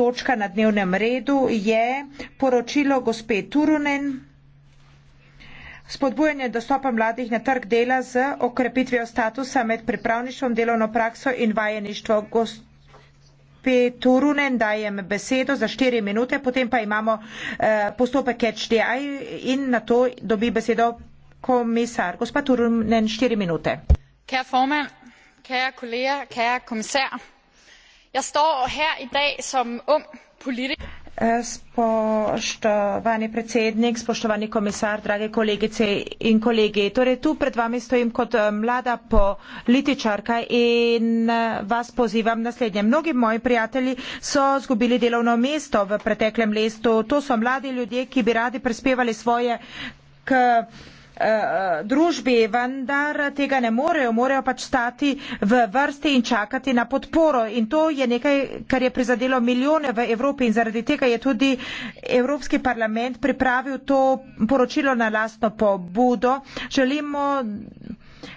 točka na dnevnem redu je poročilo gospe Turunen, spodbujanje dostopa mladih na trg dela z okrepitvijo statusa med pripravništvom, delovno prakso in vajeništvo. Gospe Turunen dajem besedo za štiri minute, potem pa imamo eh, postopek HDI in na to dobi besedo komisar. Gospa Turunen, štiri minute. Kære formand, kære kolleger, kære kommissær, Jeg står her i dag som ung politiker. Eh, spoštovani predsednik, spoštovani komisar, drage kolegice in kolegi. Torej tu pred vami stojim kot eh, mlada političarka in eh, vas pozivam naslednje. Mnogi moji prijatelji so zgubili delovno mesto v preteklem letu. To so mladi ljudje, ki bi radi prispevali svoje k Eh, eh, družbi, vendar tega ne morejo, morejo pač stati v vrsti in čakati na podporo. In to je nekaj, kar je prizadelo milijone v Evropi in zaradi tega je tudi Evropski parlament pripravil to poročilo na lastno pobudo. Želimo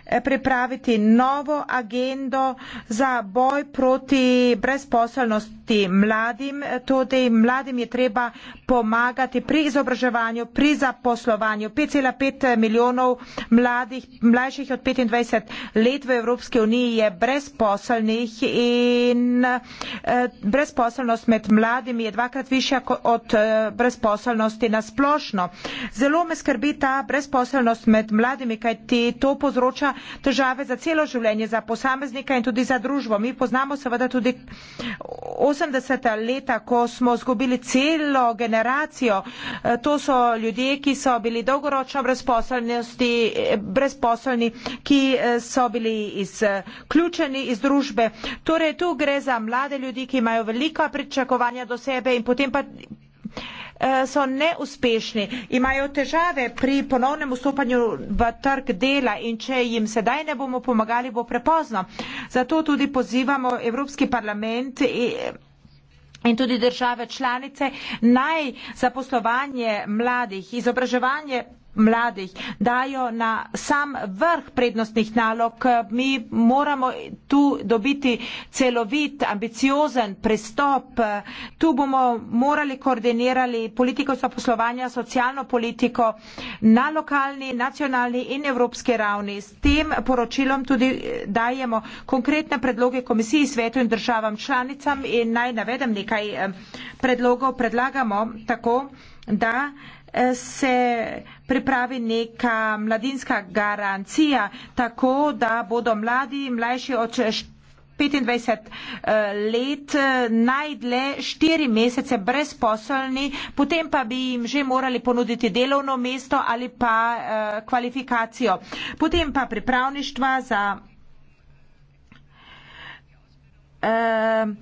Eh, pripraviti novo agendo za boj proti brezposelnosti mladim. Tudi mladim je treba pomagati pri izobraževanju, pri zaposlovanju. 5,5 milijonov mladih, mlajših od 25 let v Evropski uniji je brezposelnih in eh, brezposelnost med mladimi je dvakrat višja od eh, brezposelnosti na splošno. Zelo me skrbi ta brezposelnost med mladimi, kaj ti to povzroča težave za celo življenje, za posameznika in tudi za družbo. Mi poznamo seveda tudi 80 leta, ko smo zgubili celo generacijo. E, to so ljudje, ki so bili dolgoročno brezposelni, e, brezposelni ki e, so bili izključeni iz družbe. Torej, tu gre za mlade ljudi, ki imajo velika pričakovanja do sebe in potem pa Eh, so neuspešni, imajo težave pri ponovnem vstopanju v trg dela in če jim sedaj ne bomo pomagali, bo prepozno. Zato tudi pozivamo Evropski parlament. In tudi države članice naj zaposlovanje mladih, izobraževanje mladih dajo na sam vrh prednostnih nalog. Mi moramo tu dobiti celovit, ambiciozen pristop. Tu bomo morali koordinirati politiko zaposlovanja, socialno politiko na lokalni, nacionalni in evropski ravni. S tem poročilom tudi eh, dajemo konkretne predloge komisiji, svetu in državam članicam in naj navedem nekaj eh, predlogov. Predlagamo tako, da eh, se pripravi neka mladinska garancija, tako da bodo mladi mlajši od 25 eh, let eh, najdle 4 mesece brezposelni, potem pa bi jim že morali ponuditi delovno mesto ali pa eh, kvalifikacijo. Potem pa pripravništva za. Uh,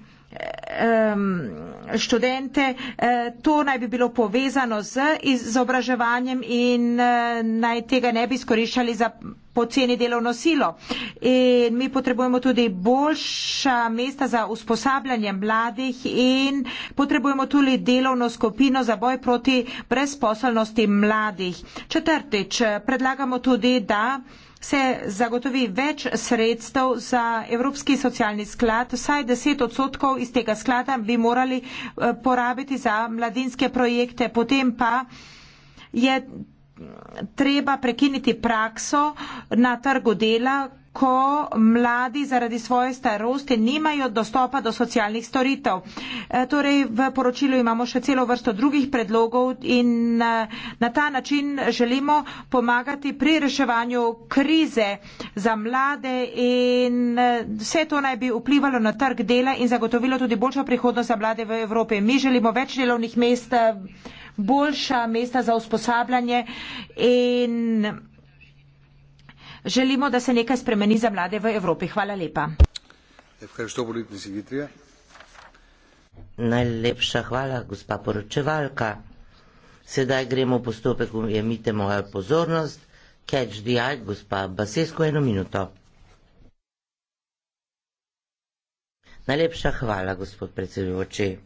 študente. Eh, to naj bi bilo povezano z izobraževanjem in eh, naj tega ne bi izkoriščali za poceni delovno silo. In mi potrebujemo tudi boljša mesta za usposabljanje mladih in potrebujemo tudi delovno skupino za boj proti brezposelnosti mladih. Četrtič, predlagamo tudi, da se zagotovi več sredstev za Evropski socialni sklad. Vsaj 10 odstotkov iz tega sklada bi morali eh, porabiti za mladinske projekte. Potem pa je treba prekiniti prakso na trgu dela, ko mladi zaradi svoje starosti nimajo dostopa do socialnih storitev. E, torej, v poročilu imamo še celo vrsto drugih predlogov in e, na ta način želimo pomagati pri reševanju krize za mlade in e, vse to naj bi vplivalo na trg dela in zagotovilo tudi boljšo prihodnost za mlade v Evropi. Mi želimo več delovnih mest, boljša mesta za usposabljanje in želimo, da se nekaj spremeni za mlade v Evropi. Hvala lepa. Najlepša hvala, gospa poročevalka. Sedaj gremo v postopek, ujemite mojo pozornost. Catch the eye, gospa Basesko, eno minuto. Najlepša hvala, gospod predsedujoči.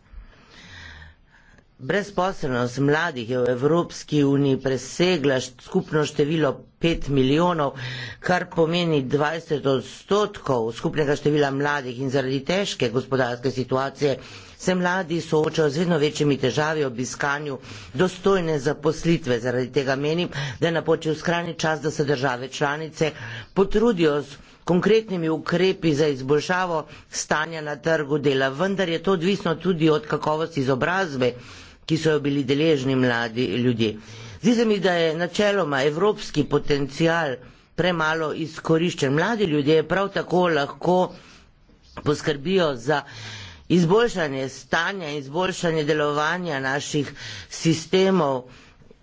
Brezposelnost mladih je v Evropski uniji presegla skupno število 5 milijonov, kar pomeni 20 odstotkov skupnega števila mladih in zaradi težke gospodarske situacije se mladi soočajo z vedno večjimi težavi ob iskanju dostojne zaposlitve. Zaradi tega menim, da je napočil skrajni čas, da se države članice potrudijo s konkretnimi ukrepi za izboljšavo stanja na trgu dela, vendar je to odvisno tudi od kakovosti izobrazbe, ki so jo bili deležni mladi ljudje. Zdi se mi, da je načeloma evropski potencial premalo izkoriščen. Mladi ljudje prav tako lahko poskrbijo za izboljšanje stanja in izboljšanje delovanja naših sistemov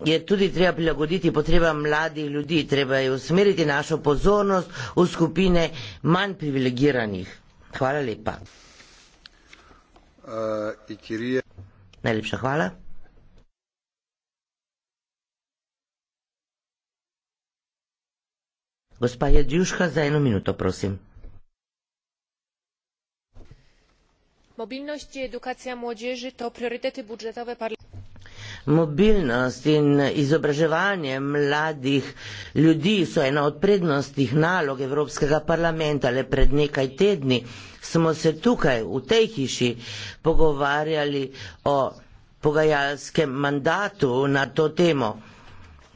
je tudi treba prilagoditi potrebam mladih ljudi, treba je usmeriti našo pozornost v skupine manj privilegiranih. Hvala lepa. Uh, Najlepša hvala. Gospa Jadžuška, za eno minuto, prosim. Mobilnost in edukacija mladeži so prioritete budžetove parlamenta mobilnost in izobraževanje mladih ljudi so ena od prednostih nalog Evropskega parlamenta. Le pred nekaj tedni smo se tukaj v tej hiši pogovarjali o pogajalskem mandatu na to temo.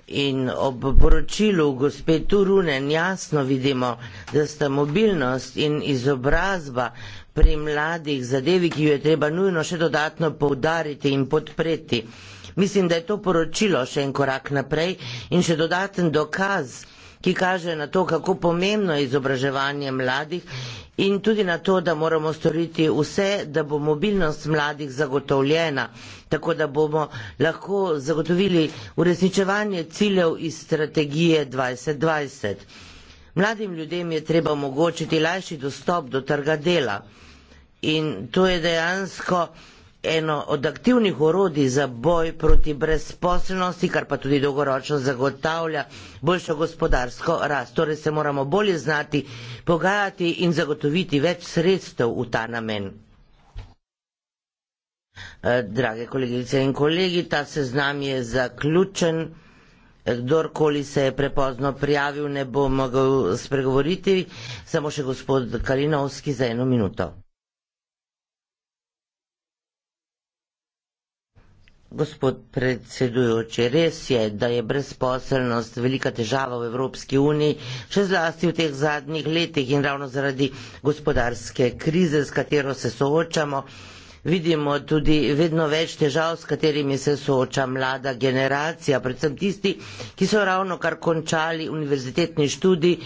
In ob poročilu gospe Turunen jasno vidimo, da sta mobilnost in izobrazba pri mladih zadevi, ki jo je treba nujno še dodatno poudariti in podpreti. Mislim, da je to poročilo še en korak naprej in še dodaten dokaz, ki kaže na to, kako pomembno je izobraževanje mladih in tudi na to, da moramo storiti vse, da bo mobilnost mladih zagotovljena, tako da bomo lahko zagotovili uresničevanje ciljev iz strategije 2020. Mladim ljudem je treba omogočiti lažji dostop do trga dela. In to je dejansko eno od aktivnih orodij za boj proti brezposelnosti, kar pa tudi dolgoročno zagotavlja boljšo gospodarsko rast. Torej se moramo bolje znati, pogajati in zagotoviti več sredstev v ta namen. Eh, drage kolegice in kolegi, ta seznam je zaključen. Eh, kdorkoli se je prepozno prijavil, ne bo mogel spregovoriti. Samo še gospod Kalinovski za eno minuto. gospod predsedujoči, res je, da je brezposelnost velika težava v Evropski uniji, še zlasti v teh zadnjih letih in ravno zaradi gospodarske krize, s katero se soočamo. Vidimo tudi vedno več težav, s katerimi se sooča mlada generacija, predvsem tisti, ki so ravno kar končali univerzitetni študij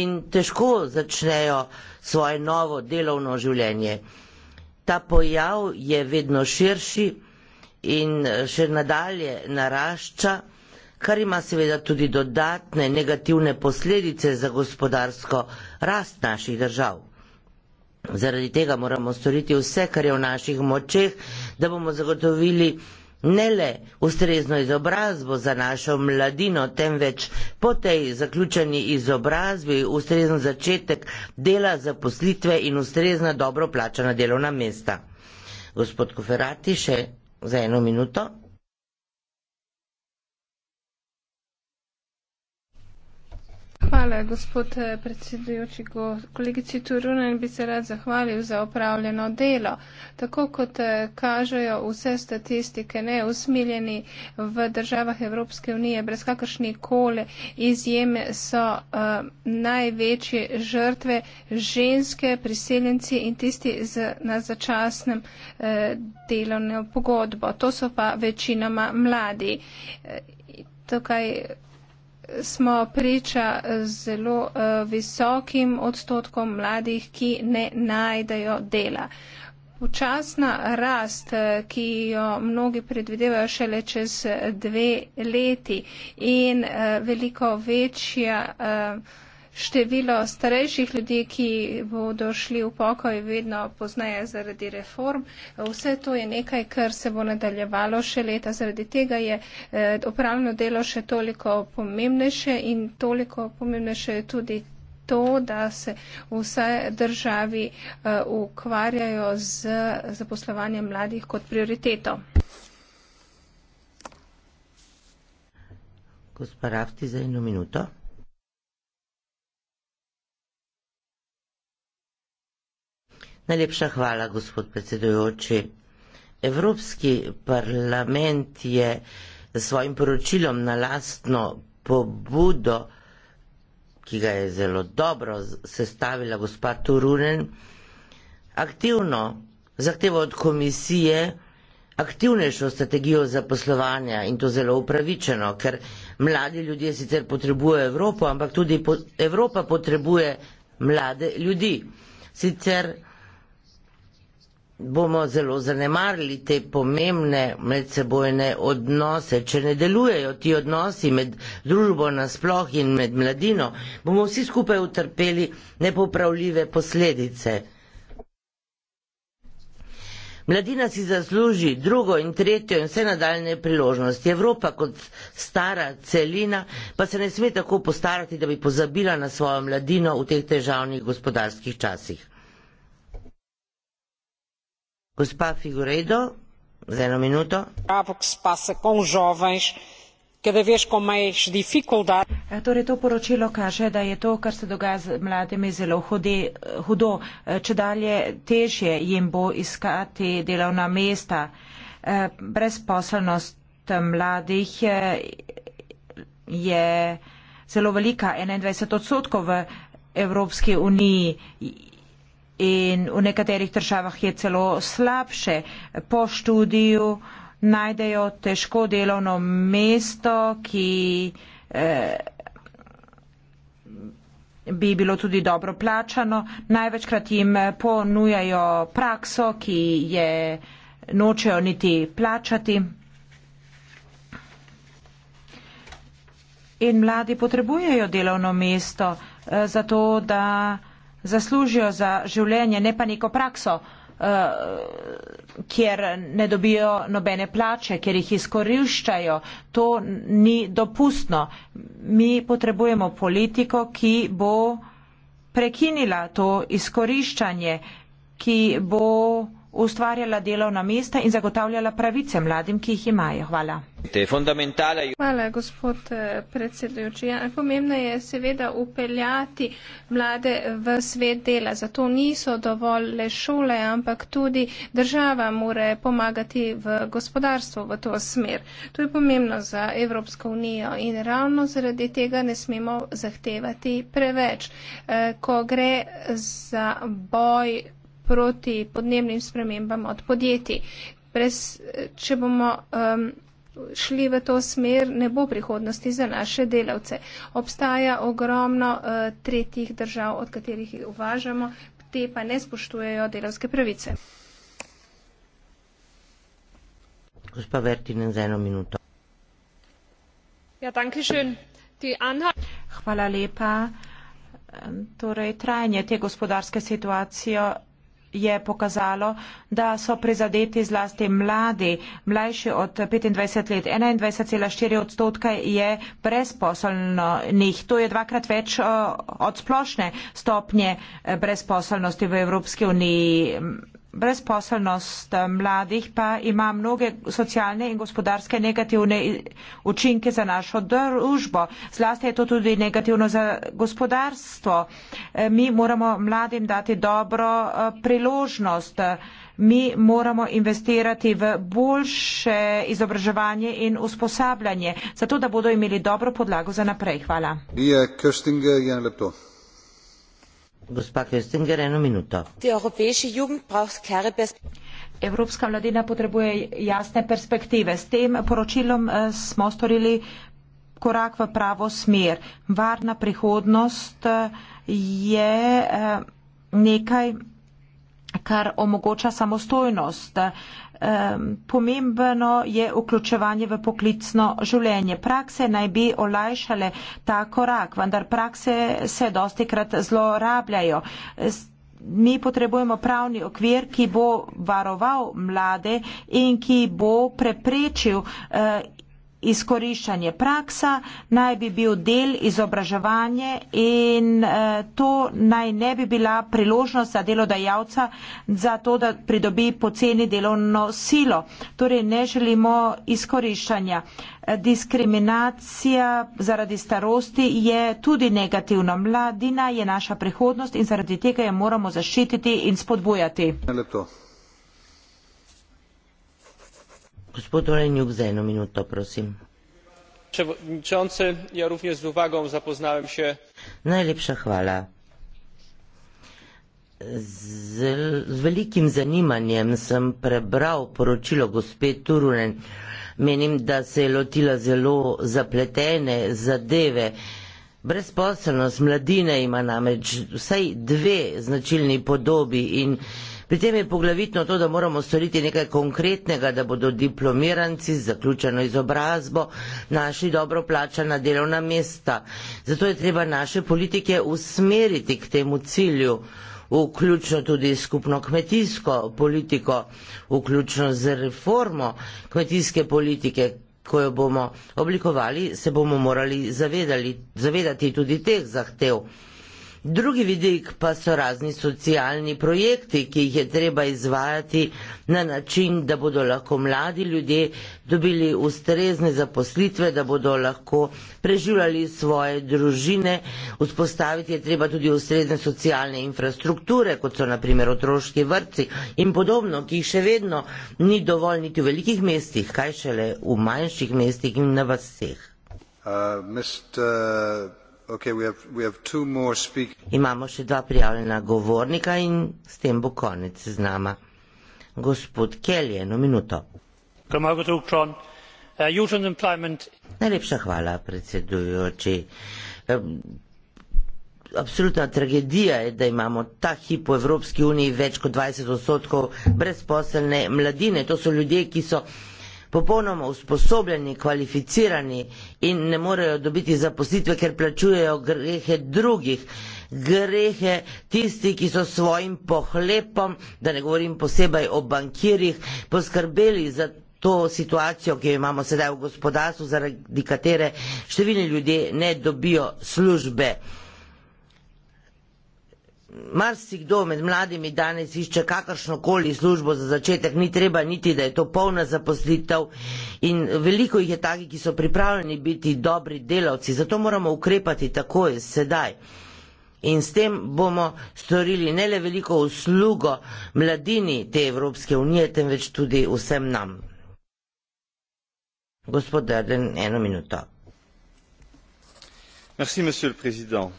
in težko začnejo svoje novo delovno življenje. Ta pojav je vedno širši, in eh, še nadalje narašča, kar ima seveda tudi dodatne negativne posledice za gospodarsko rast naših držav. Zaradi tega moramo storiti vse, kar je v naših močeh, da bomo zagotovili ne le ustrezno izobrazbo za našo mladino, temveč po tej zaključeni izobrazbi ustrezen začetek dela za poslitve in ustrezna dobro plačana delovna mesta. Gospod Koferati še za eno minuto. Hvala, gospod eh, predsedujoči. Kolegici Turunen bi se rad zahvalil za opravljeno delo. Tako kot eh, kažejo vse statistike, ne usmiljeni v državah Evropske unije, brez kakršne koli izjeme so uh, največje žrtve ženske, priseljenci in tisti z, na začasnem uh, delovnem pogodbo. To so pa večinoma mladi. Uh, tukaj smo priča zelo eh, visokim odstotkom mladih, ki ne najdejo dela. Počasna rast, eh, ki jo mnogi predvidevajo šele čez dve leti in eh, veliko večja. Uh, število starejših ljudi, ki bodo šli v pokoj vedno pozneje zaradi reform. Vse to je nekaj, kar se bo nadaljevalo še leta. Zaradi tega je upravno eh, delo še toliko pomembnejše in toliko pomembnejše je tudi to, da se vse državi eh, ukvarjajo z zaposlovanjem mladih kot prioriteto. Gospa Rafti za eno minuto. Najlepša hvala, gospod predsedujoči. Evropski parlament je z svojim poročilom na lastno pobudo, ki ga je zelo dobro sestavila gospa Turunen, aktivno zahteval od komisije aktivnejšo strategijo zaposlovanja in to zelo upravičeno, ker mladi ljudje sicer potrebujejo Evropo, ampak tudi po Evropa potrebuje mlade ljudi. Sicer bomo zelo zanemarili te pomembne medsebojne odnose, če ne delujejo ti odnosi med družbo nasploh in med mladino, bomo vsi skupaj utrpeli nepopravljive posledice. Mladina si zasluži drugo in tretjo in vse nadaljne priložnosti. Evropa kot stara celina pa se ne sme tako postarati, da bi pozabila na svojo mladino v teh težavnih gospodarskih časih. Gospa Figueiredo, za eno minuto. Pravo, kaj se pasa kon žovanš, kada veš, ko imaš dificultad. E, torej, to poročilo kaže, da je to, kar se dogaja z mladimi, zelo hode, hudo. E, če dalje težje jim bo iskati delovna mesta. E, brezposelnost mladih je zelo velika, 21 odstotkov v Evropski uniji in v nekaterih državah je celo slabše. Po študiju najdejo težko delovno mesto, ki eh, bi bilo tudi dobro plačano. Največkrat jim ponujajo prakso, ki je nočejo niti plačati. In mladi potrebujejo delovno mesto eh, zato, da zaslužijo za življenje, ne pa neko prakso, eh, kjer ne dobijo nobene plače, kjer jih izkoriščajo. To ni dopustno. Mi potrebujemo politiko, ki bo prekinila to izkoriščanje, ki bo ustvarjala delovna mesta in zagotavljala pravice mladim, ki jih imajo. Hvala. Hvala, gospod eh, predsedujoči. Ja, pomembno je seveda upeljati mlade v svet dela. Zato niso dovolj le šole, ampak tudi država more pomagati v gospodarstvu v to smer. To je pomembno za Evropsko unijo in ravno zaradi tega ne smemo zahtevati preveč. E, ko gre za boj proti podnebnim spremembam od podjetij. Brez, če bomo um, šli v to smer, ne bo prihodnosti za naše delavce. Obstaja ogromno uh, tretjih držav, od katerih jih uvažamo, te pa ne spoštujejo delavske pravice. Gospa Vertinen, za eno minuto. Ja, danke schön. Hvala lepa. Torej, trajanje te gospodarske situacije je pokazalo, da so prizadeti zlasti mladi, mlajši od 25 let. 21,4 odstotka je brezposelnih. To je dvakrat več eh, od splošne stopnje eh, brezposelnosti v Evropski uniji brezposelnost eh, mladih pa ima mnoge socialne in gospodarske negativne učinke za našo družbo. Zlasti je to tudi negativno za gospodarstvo. Eh, mi moramo mladim dati dobro eh, priložnost. Mi moramo investirati v boljše izobraževanje in usposabljanje, zato da bodo imeli dobro podlago za naprej. Hvala. Je, Kirstinger, je Evropska mladina potrebuje jasne perspektive. S tem poročilom eh, smo storili korak v pravo smer. Varna prihodnost eh, je eh, nekaj, kar omogoča samostojnost um, pomembno je vključevanje v poklicno življenje. Prakse naj bi olajšale ta korak, vendar prakse se dosti krat zlorabljajo. Mi potrebujemo pravni okvir, ki bo varoval mlade in ki bo preprečil uh, izkoriščanje praksa, naj bi bil del izobraževanje in eh, to naj ne bi bila priložnost za delodajalca za to, da pridobi poceni delovno silo. Torej ne želimo izkoriščanja. Eh, diskriminacija zaradi starosti je tudi negativna. Mladina je naša prihodnost in zaradi tega jo moramo zaščititi in spodbujati. Lepo. przewodniczący! ja również z uwagą zapoznałem się z velikim zanimanjem sem prebral poročilo gospe turunen menim da se je lotila zelo zapletene zadeve brezposelnost mladine ima namreč vsaj dve značilni podobi in Pri tem je poglavitno to, da moramo storiti nekaj konkretnega, da bodo diplomiranci z zaključeno izobrazbo našli dobro plačana delovna mesta. Zato je treba naše politike usmeriti k temu cilju, vključno tudi skupno kmetijsko politiko, vključno z reformo kmetijske politike. Ko jo bomo oblikovali, se bomo morali zavedati tudi teh zahtev. Drugi vidik pa so razni socialni projekti, ki jih je treba izvajati na način, da bodo lahko mladi ljudje dobili ustrezne zaposlitve, da bodo lahko preživljali svoje družine. Vzpostaviti je treba tudi ustrezne socialne infrastrukture, kot so naprimer otroški vrtci in podobno, ki jih še vedno ni dovolj niti v velikih mestih, kaj šele v manjših mestih in na vseh. Uh, Imamo še dva prijavljena govornika in s tem bo konec z nama. Gospod Kelly, eno minuto. Najlepša hvala, predsedujoči. Absolutna tragedija je, da imamo ta hip v Evropski uniji več kot 20 odstotkov brezposelne mladine. To so ljudje, ki so popolnoma usposobljeni, kvalificirani in ne morejo dobiti zaposlitve, ker plačujejo grehe drugih, grehe tisti, ki so svojim pohlepom, da ne govorim posebej o bankirjih, poskrbeli za to situacijo, ki jo imamo sedaj v gospodarstvu, zaradi katere številni ljudje ne dobijo službe. Marsikdo med mladimi danes išče kakršno koli službo za začetek, ni treba niti, da je to polna zaposlitev in veliko jih je takih, ki so pripravljeni biti dobri delavci, zato moramo ukrepati takoj, sedaj. In s tem bomo storili ne le veliko uslugo mladini te Evropske unije, temveč tudi vsem nam. Gospod Darden, eno minuto. Merci, monsieur le président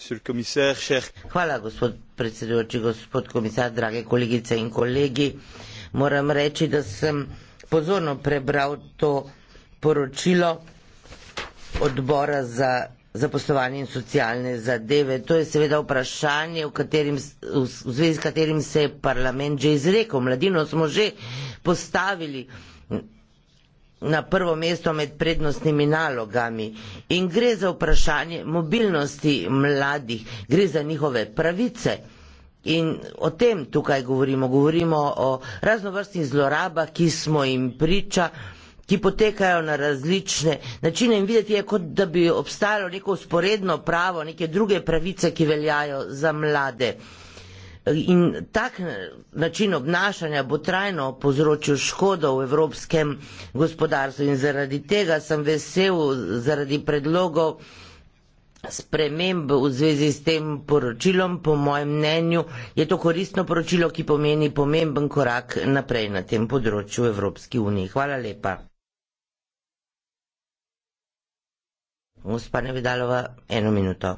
monsieur le commissaire, chers. Hvala, gospod predsedujoči, gospod komisar, drage kolegice in kolegi. Moram reči, da sem pozorno prebral to poročilo odbora za zaposlovanje in socialne zadeve. To je seveda vprašanje, v, katerim, v zvezi s katerim se je parlament že izrekel. Mladino smo že postavili na prvo mesto med prednostnimi nalogami in gre za vprašanje mobilnosti mladih, gre za njihove pravice. In o tem tukaj govorimo, govorimo o raznovrstnih zlorabah, ki smo jim priča, ki potekajo na različne načine in videti je, kot da bi obstajalo neko usporedno pravo, neke druge pravice, ki veljajo za mlade. In tak eh, način obnašanja bo trajno povzročil škodo v evropskem gospodarstvu. In zaradi tega sem vesel, zaradi predlogov sprememb v zvezi s tem poročilom, po mojem mnenju, je to koristno poročilo, ki pomeni pomemben korak naprej na tem področju v Evropski uniji. Hvala lepa. Gospa Nevedalova, eno minuto.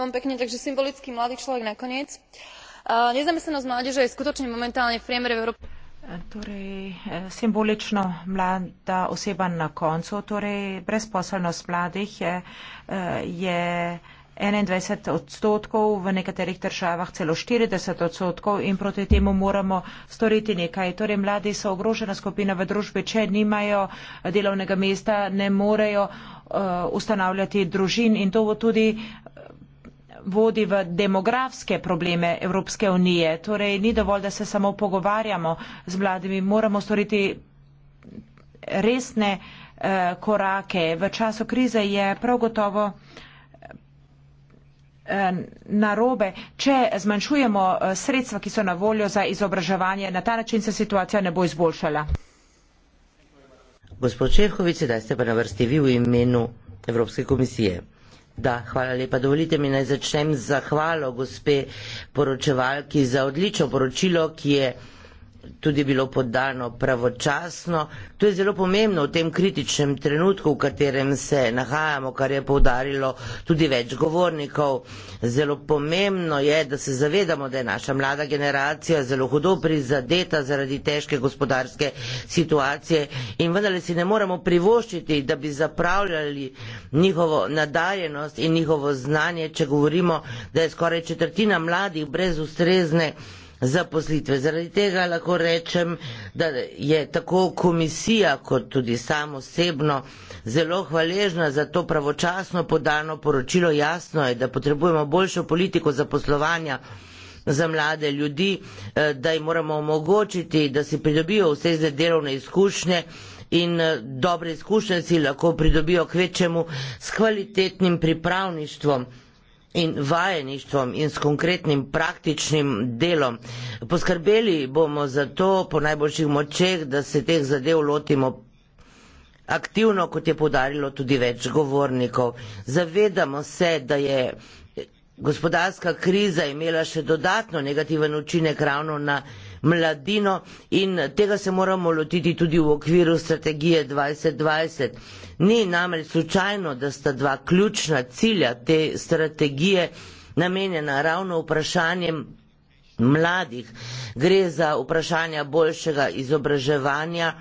Vam pekne, takže simbolicky mladý človek nakoniec. Uh, Nezamestnanosť mládeže je skutočne momentálne v priemere v Európe. E, torej, e, simbolično mlada oseba na koncu, torej brezposelnost mladih e, je, je 21 odstotkov, v nekaterih državah celo 40 odstotkov in proti temu moramo storiti nekaj. Torej, mladi so ogrožena skupina v družbi, če nimajo delovnega mesta, ne morejo ustanavljati družin in to bo tudi vodi v demografske probleme Evropske unije. Torej, ni dovolj, da se samo pogovarjamo z mladimi, moramo storiti resne eh, korake. V času krize je prav gotovo eh, narobe, če zmanjšujemo eh, sredstva, ki so na voljo za izobraževanje, na ta način se situacija ne bo izboljšala. Gospod Čehovic, zdaj ste pa na vrsti vi v imenu Evropske komisije. Da, hvala lepa. Dovolite mi naj začnem z zahvalo gospe poročevalki za odlično poročilo, ki je tudi bilo podano pravočasno. To je zelo pomembno v tem kritičnem trenutku, v katerem se nahajamo, kar je povdarilo tudi več govornikov. Zelo pomembno je, da se zavedamo, da je naša mlada generacija zelo hudo prizadeta zaradi težke gospodarske situacije in vendarle si ne moremo privoščiti, da bi zapravljali njihovo nadarjenost in njihovo znanje, če govorimo, da je skoraj četrtina mladih brez ustrezne zaposlitve. Zaradi tega lahko rečem, da je tako komisija kot tudi sam osebno zelo hvaležna za to pravočasno podano poročilo. Jasno je, da potrebujemo boljšo politiko zaposlovanja za mlade ljudi, eh, da jim moramo omogočiti, da si pridobijo vse zde delovne izkušnje in eh, dobre izkušnje si lahko pridobijo k večjemu s kvalitetnim pripravništvom in vajeništvom in s konkretnim praktičnim delom. Poskrbeli bomo za to po najboljših močeh, da se teh zadev lotimo aktivno, kot je podarilo tudi več govornikov. Zavedamo se, da je gospodarska kriza imela še dodatno negativen učinek ravno na mladino in tega se moramo lotiti tudi v okviru strategije 2020. Ni namreč slučajno, da sta dva ključna cilja te strategije namenjena ravno vprašanjem mladih. Gre za vprašanja boljšega izobraževanja,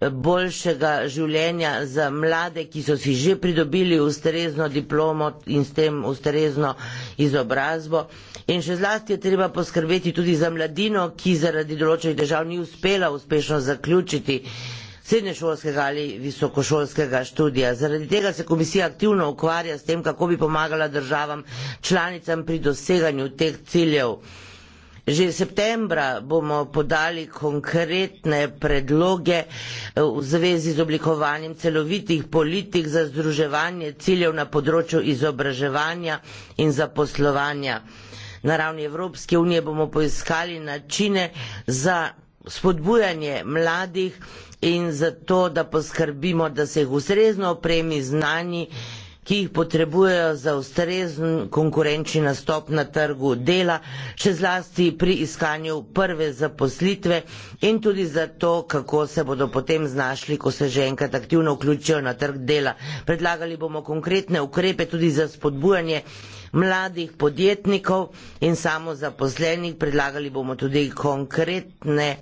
boljšega življenja za mlade, ki so si že pridobili ustrezno diplomo in s tem ustrezno izobrazbo. In še zlasti je treba poskrbeti tudi za mladino, ki zaradi določenih držav ni uspela uspešno zaključiti srednješolskega ali visokošolskega študija. Zaradi tega se komisija aktivno ukvarja s tem, kako bi pomagala državam članicam pri doseganju teh ciljev. Že septembra bomo podali konkretne predloge eh, v zvezi z oblikovanjem celovitih politik za združevanje ciljev na področju izobraževanja in zaposlovanja. Na ravni Evropske unije bomo poiskali načine za spodbujanje mladih in za to, da poskrbimo, da se jih ustrezno opremi znanji ki jih potrebujejo za ustrezen konkurenčni nastop na trgu dela, še zlasti pri iskanju prve zaposlitve in tudi za to, kako se bodo potem znašli, ko se že enkrat aktivno vključijo na trg dela. Predlagali bomo konkretne ukrepe tudi za spodbujanje mladih podjetnikov in samozaposlenih. Predlagali bomo tudi konkretne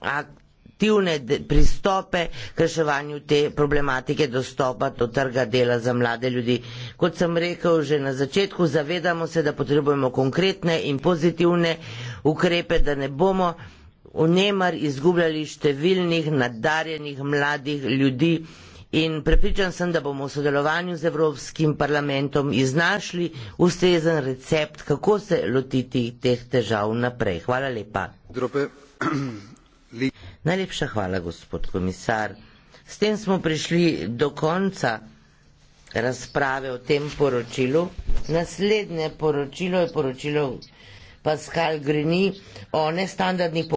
akte aktivne pristope k reševanju te problematike dostopa do trga dela za mlade ljudi. Kot sem rekel že na začetku, zavedamo se, da potrebujemo konkretne in pozitivne ukrepe, da ne bomo v nemar izgubljali številnih nadarjenih mladih ljudi in prepričan sem, da bomo v sodelovanju z Evropskim parlamentom iznašli ustrezen recept, kako se lotiti teh težav naprej. Hvala lepa. Drobe. Najlepša hvala, gospod komisar. S tem smo prišli do konca razprave o tem poročilu. Naslednje poročilo je poročilo Pascal Greni o nestandardnih